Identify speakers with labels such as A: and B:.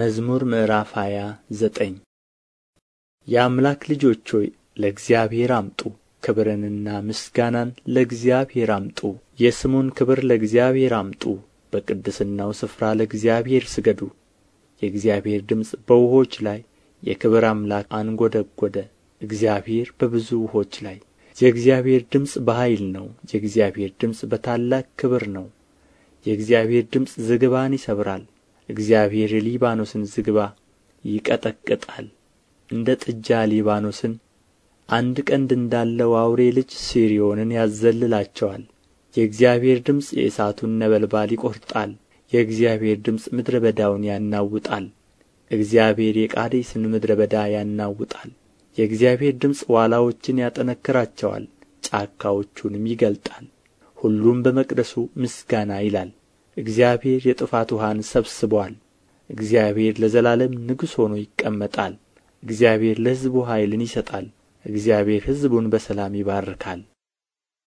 A: መዝሙር ምዕራፍ ሃያ ዘጠኝ የአምላክ ልጆች ሆይ ለእግዚአብሔር አምጡ ክብርንና ምስጋናን ለእግዚአብሔር አምጡ የስሙን ክብር ለእግዚአብሔር አምጡ በቅድስናው ስፍራ ለእግዚአብሔር ስገዱ የእግዚአብሔር ድምፅ በውኆች ላይ የክብር አምላክ አንጐደጐደ እግዚአብሔር በብዙ ውኆች ላይ የእግዚአብሔር ድምፅ በኃይል ነው። የእግዚአብሔር ድምፅ በታላቅ ክብር ነው። የእግዚአብሔር ድምፅ ዝግባን ይሰብራል፣ እግዚአብሔር የሊባኖስን ዝግባ ይቀጠቅጣል እንደ ጥጃ ሊባኖስን አንድ ቀንድ እንዳለው አውሬ ልጅ ሲሪዮንን ያዘልላቸዋል የእግዚአብሔር ድምፅ የእሳቱን ነበልባል ይቈርጣል የእግዚአብሔር ድምፅ ምድረ በዳውን ያናውጣል እግዚአብሔር የቃዴስን ምድረ በዳ ያናውጣል የእግዚአብሔር ድምፅ ዋላዎችን ያጠነክራቸዋል ጫካዎቹንም ይገልጣል ሁሉም በመቅደሱ ምስጋና ይላል እግዚአብሔር የጥፋት ውኃን ሰብስቦአል እግዚአብሔር ለዘላለም ንጉሥ ሆኖ ይቀመጣል እግዚአብሔር ለሕዝቡ ኃይልን ይሰጣል እግዚአብሔር ሕዝቡን በሰላም ይባርካል